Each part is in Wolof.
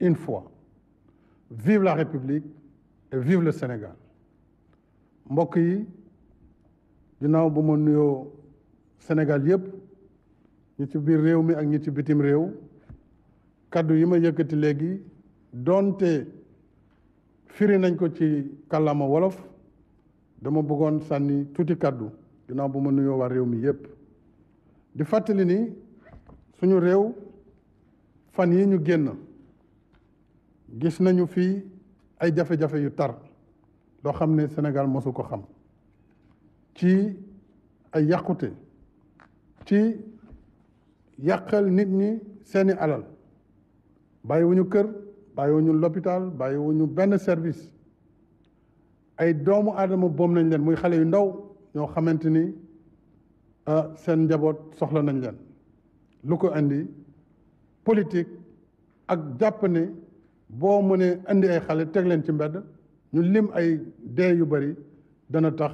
une fois vive la République et vive le Sénégal mbokk yi ginnaaw bu ma Sénégal Je suis ci biir mi ak ñi ci bitim réew kaddu yima yëkëti yëkkati léegi doonte firi nañ ko ci kàllaama wolof dama bëggoon sànni tuuti kaddu ginnaaw bu ma nuyoo waa réew mi yépp di fàttali ni suñu réew fan yi ñu génn gis nañu fii ay jafe-jafe yu tar loo xam ne Sénégal mosu ko xam ci ay yàqute ci yàqal nit ñi seeni alal bàyyiwuñu kër bàyyiwuñu l'hôpital bàyyiwuñu benn service ay doomu aadama boom nañ leen muy xale yu ndaw ñoo xamante ni ah, seen njaboot soxla nañ leen lu ko indi politique ak jàpp ne boo mënee indi ay xale teg leen ci mbedd ñu lim ay dee yu bari dana tax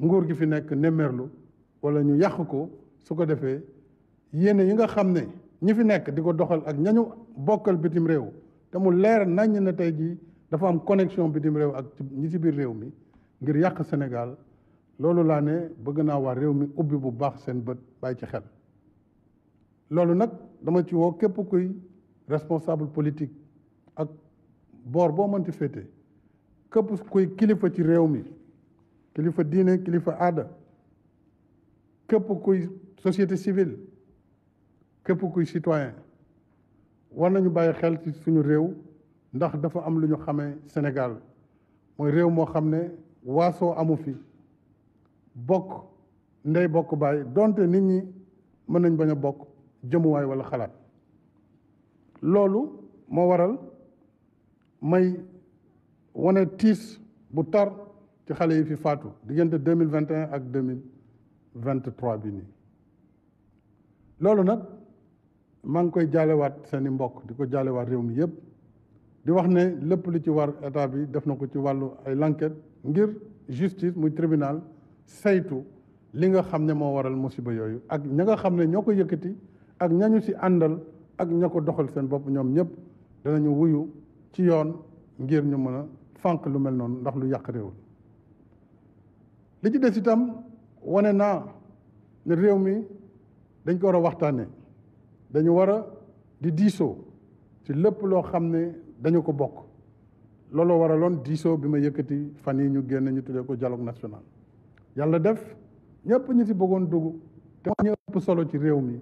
nguur gi fi nekk nemmerlu wala ñu yàq ko su ko defee yéene yi nga xam ne ñi fi nekk di ko doxal ak ñañu bokkal bitim réew te mu leer naññ na tey jii dafa am connexion bitim réew ak ñi ci biir réew mi ngir yàq Sénégal loolu laa ne bëgg naa waa réew mi ubbi bu baax seen bët bàyyi ci xel loolu nag dama ci woo képp kuy responsable politique ak boor boo mënti féete képp kuy kilifa ci réew mi kilifa diine kilifa aada képp kuy société civile képp kuy citoyen war nañu bàyyi xel ci suñu réew ndax dafa am lu ñu xamee Sénégal mooy réew moo xam ne waasoo amu fi bokk ndey bokk bàyyi donte nit ñi mën nañ bañ a bokk jëmuwaay walla xalaat loolu moo waral may wane tiis bu tar ci xale yi fi faatu diggante deux mille vingt et un ak deux mille vingt trois bi nii loolu nag maa ngi koy jaalewaat seeni mbokk di ko jaalewaat réew mi yëpp di wax ne lépp lu ci war état bi def na ko ci wàllu ay enquête ngir justice muy tribunal saytu li nga xam ne moo waral musiba yooyu ak ña nga xam ne ñoo ko yëkkati ak ñañu ci àndal ak ña ko doxal seen bopp ñoom ñëpp danañu wuyu ci yoon ngir ñu mën a fànq lu mel noonu ndax lu yàq réew li ci des itam wane naa ne réew mi dañ ko war a waxtaane dañu war a di diisoo ci lépp loo xam ne dañu ko bokk looloo war a loon diisoo bi ma yëkkati fan yi ñu génn ñu tuddee ko dialogue national yàlla def ñëpp ñu ci bëggoon dugg te solo ci réew mi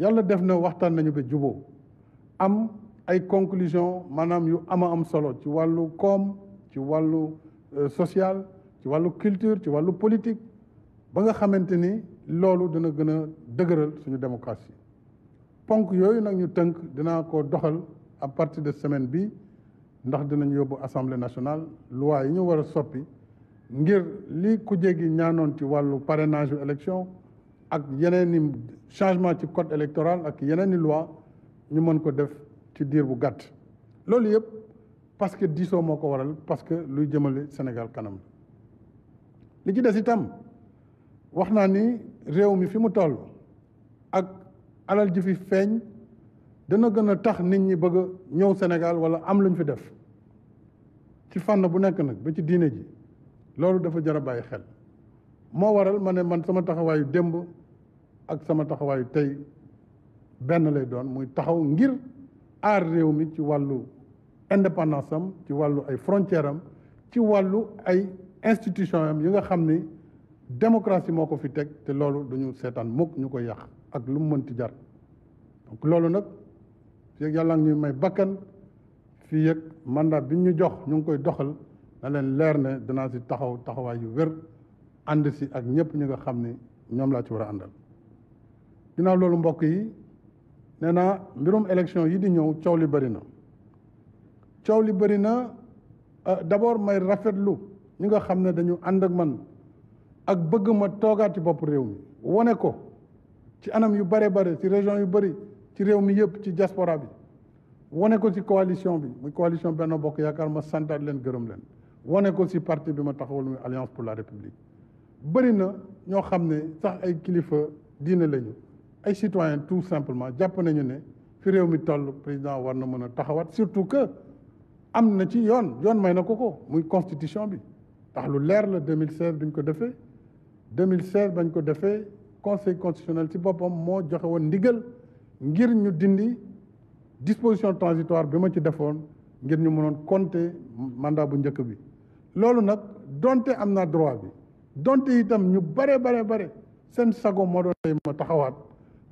yàlla def na waxtaan nañu ba juboo am ay conclusion manam yu ama am solo ci walu tu ci walu euh, social ci walu culture ci walu politique ba nga xamanteni lolu dina gën a suñu démocratie ponk yoyu nak ñu tënk dinaa ko doxal à partir de semaine bi ndax dinañ yóbbu assemblée nationale loi yi ñu war soppi ngir li ku jéggi ñaanoon ci wàllu parrainage élection ak yeneen i changement ci code électoral ak yeneen i loi ñu mën ko def ci diir bu gàtt loolu yëpp parce que diisoo moo ko waral parce que luy jëmale Sénégal kanam li ci des itam wax naa ni réew mi fi mu toll ak alal ji fi feeñ dana gën a tax nit ñi bëgg a ñëw Sénégal wala am lu fi def ci fànn bu nekk nag ba ci diine ji loolu dafa jar a bàyyi xel moo waral ma ne man sama taxawaayu démb ak sama taxawaayu tey benn lay doon muy taxaw ngir aar réew mi ci wàllu indépendance am ci wàllu ay frontière am ci wàllu ay institution am yi nga xam ni démocratie moo ko fi teg te loolu duñu seetaan mukk ñu koy yàq ak lu mu mënti jar donc loolu nag fii yàlla ngi ñuy may bakkan fii yëg mandat bi ñu jox ñu ngi koy doxal na leen leer ne danaa si taxaw taxawaay yu wér ànd si ak ñëpp ñu nga xam ni ñoom laa ci war a àndal ginnaaw loolu mbokk yi nee na mbirum élection yi di ñëw coow li bëri na coow li bëri na euh, d'abord may rafetlu ñi nga xam ne dañu ànd ak man ak bëgg ma toogaati bopp réew mi wane ko ci anam yu bare bare ci région yu bëri ci réew mi yëpp ci diaspora bi wane ko ci coalition bi muy coalition Benno Bokk Yaakaar ma santaat leen gërëm leen wane ko ci parti bi ma taxawal muy Alliance pour la République bëri na ñoo xam ne sax ay kilifa diine lañu ay citoyen tout simplement jàpp nañu ne fi réew mi toll président war na mën a taxawaat surtout que am na ci yoon yoon may na ko ko muy constitution bi ndax lu leer la 2016 bi ñu ko defee 2016 bañ ko defee conseil constitutionnel ci boppam moo joxe woon ndigal ngir ñu dindi disposition transitoire bi ma ci defoon ngir ñu mënoon compter mandat bu njëkk bi loolu nag donte am naa droit bi donte itam ñu bare bare bare seen sago moo doon tey ma taxawaat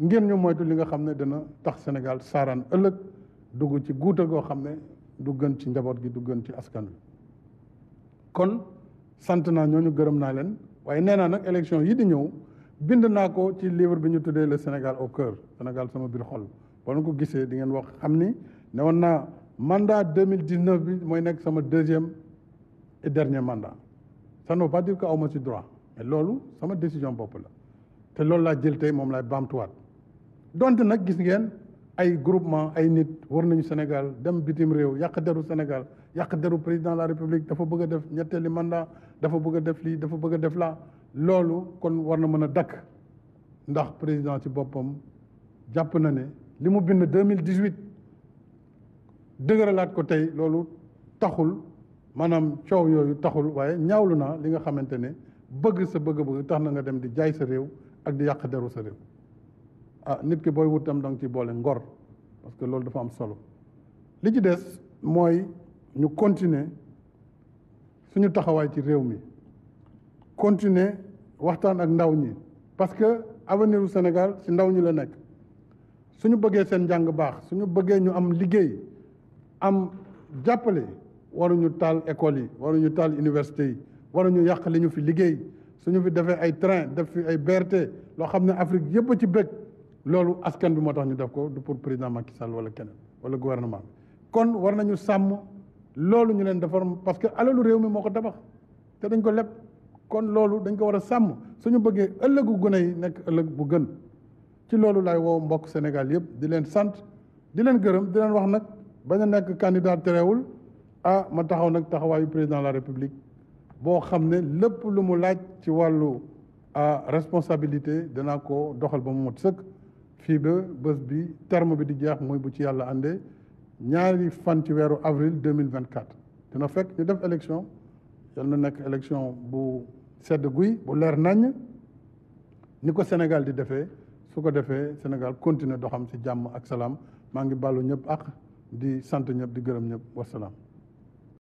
ngir ñu moytu li nga xam ne dina tax Sénégal saaraan ëllëg dugg ci guuta goo xam ne du gën ci njaboot gi du gën ci askan wi kon sant naa ñooñu gërëm naa leen waaye nee naa nag élection yi di ñëw bind naa ko ci livre bi ñu tuddee le Sénégal au cœur Sénégal sama biir xol boo ko gisee di ngeen wax xam ni ne woon naa mandat mille dix neuf bi mooy nekk sama deuxième et dernier mandat ça ne veut pas ma ci droit loolu sama décision bopp la te loolu laa jël tey moom laay baamtuwaat. donte nag gis ngeen ay groupement ay nit war nañu Sénégal dem bitim réew yàq deru Sénégal yàq deru président la République dafa bëgg a def ñetteeli mandat dafa bëgg def lii dafa bëgg def laa loolu kon war na mën a dakk ndax président ci boppam jàpp na ne li mu bind deux mille dix-huit dëgëralaat ko tey loolu taxul maanaam coow yooyu taxul waaye ñawlu naa li nga xamante ne bëgg sa bëgg-bëgg tax na nga dem di jaay sa réew ak di yàq deru sa réew ah nit ki booy wut tam da nga ci boole ngor parce que loolu dafa am solo li ci des mooy ñu continuer suñu taxawaay ci réew mi continuer waxtaan ak ndaw ñi parce que avenir Sénégal ci ndaw ñi la nekk suñu bëggee seen njàng baax suñu bëggee ñu am liggéey am jàppale waruñu taal école yi waruñu taal université yi waruñu yàq li ñu fi liggéey suñu fi defee ay train def fi ay BRT loo xam ne Afrique yëpp a ci bëgg lolu askan bi motax ñu président Macky Sall wala keneen wala gouvernement kon war nañu sàmm ñu leen parce que alalu réew mi moo te dañ ko leb kon loolu dañ ko nous a sàmm suñu bëggee ëllëgu nekk bu gën ci mbokk Sénégal di leen di leen di leen wax a nekk candidat ma taxaw président de la république lu mu laaj ci responsabilité fii ba bés bi terme bi di jeex mooy bu ci yàlla àndee ñaari fan ci avril deux mille vingt quatre dina fekk ñu def élection na nekk élection bu sedd guy bu leer nañ ni Sénégal di defee su ko defee Sénégal continue doxam ci jàmm ak salaam maa ngi ballu ñëpp ak di sant ñëpp di gërëm ñëpp wasalaam